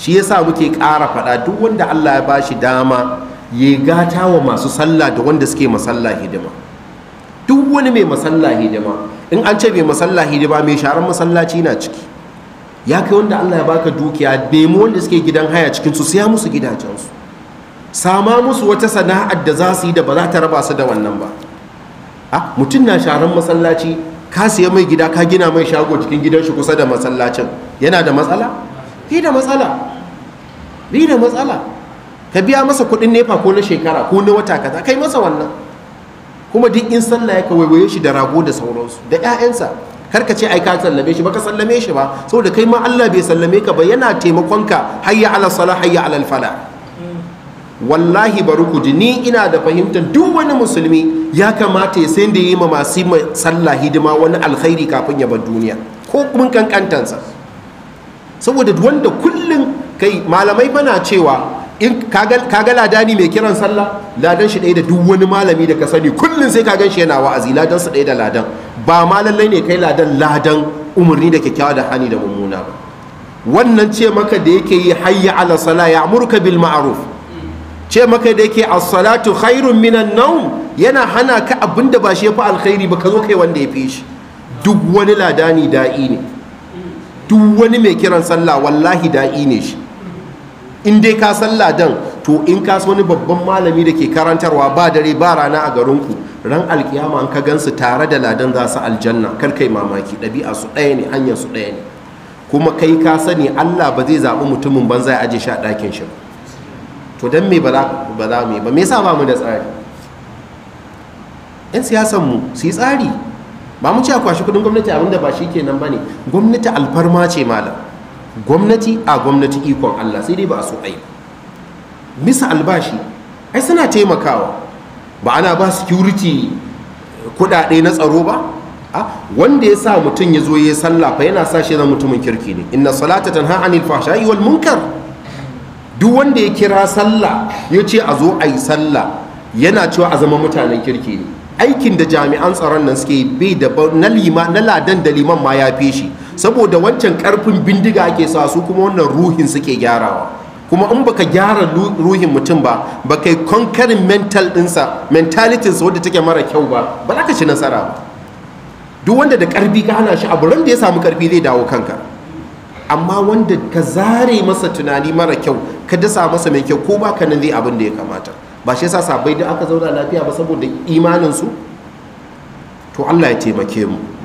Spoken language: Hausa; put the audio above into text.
shi yasa muke ƙara faɗa duk wanda Allah ya bashi dama ya gata wa masu sallah da wanda suke masalla hidima duk wani mai masalla hidima in an ce mai masalla hidima mai sharan masallaci na ciki ya kai wanda Allah ya baka dukiya nemi wanda suke gidan haya cikin su siya musu gidajensu sama musu wata sana'ar da za su yi da ba za ta raba su da wannan ba a mutum na sharan masallaci ka siya mai gida ka gina mai shago cikin gidan shi kusa da masallacin yana da matsala? Ki da matsala bi da matsala ka biya masa kuɗin nefa ko na shekara ko na wata kaza kai masa wannan kuma duk in sallah ya kawaiwaye shi da rago da sauransu da 'ya'yansa kar ka ce ai ka sallame shi ba ka sallame shi ba saboda kai ma Allah bai sallame ka ba yana taimakon ka hayya ala salah hayya ala fala wallahi barukuji ni ina da fahimtar duk wani musulmi ya kamata ya san da yi ma masu sallah hidima wani alkhairi kafin ya bar duniya ko kun kankantansa saboda wanda kullum kai malamai fana na cewa in kaga ladani mai kiran sallah ladan shi ɗaya da duk wani malami da ka sani kullum sai ka gan shi yana wa'azi ladan su ɗaya da ladan ba ma lallai ne kai ladan ladan umarni da kyakkyawa da hani da mummuna ba wannan ce maka da yake yi hayya ala sala ya amurka bil ma'ruf ce maka da yake as-salatu khairun minan nawm yana hana ka abinda ba shi yafi alkhairi ba ka zo kai wanda ya fi shi duk wani ladani da'i ne duk wani mai kiran sallah wallahi da'i ne shi in dai ka san ladan to in ka wani babban malami da ke karantarwa ba dare ba rana a garinku ran alkiyama an ka gansu tare da ladan za su aljanna kar kai mamaki ɗabi'a su ɗaya ne hanyar su ɗaya ne kuma kai ka sani Allah ba zai zaɓi mutumin banza ya aje shi a ɗakin shi to don me ba za mu yi ba me yasa ba mu da tsari yan siyasan mu su yi tsari ba mu ci a kwashi kudin gwamnati abinda ba shi kenan ba ne gwamnati alfarma ce malam gwamnati a gwamnati ikon Allah sai dai ba a so ai Misa albashi ai suna taimakawa ba ana ba security kuɗaɗe na tsaro ba wanda ya sa mutum ya zo ya sallah fa yana sa shi zan mutumin kirki ne inna salata tanha anil fahsha'i wal munkar duk wanda ya kira sallah ya ce a zo ayi sallah yana cewa a zama mutanen kirki ne aikin da jami'an tsaron nan suke bai da na na ladan da liman ma ya fi shi saboda wancan karfin bindiga ake sa su kuma wannan ruhin suke gyarawa kuma in baka gyara ruhin mutum ba ba kai conquering mental dinsa, ɗinsa mentalitinsa wadda take mara kyau ba ba za ka ci nasara ba duk wanda da karfi ka hana shi abu ran da ya samu karfi zai dawo kanka amma wanda ka zare masa tunani mara kyau ka dasa masa mai kyau ko baka nan zai abin da ya kamata ba shi yasa sabai da aka zauna lafiya ba saboda imanin su to Allah ya taimake mu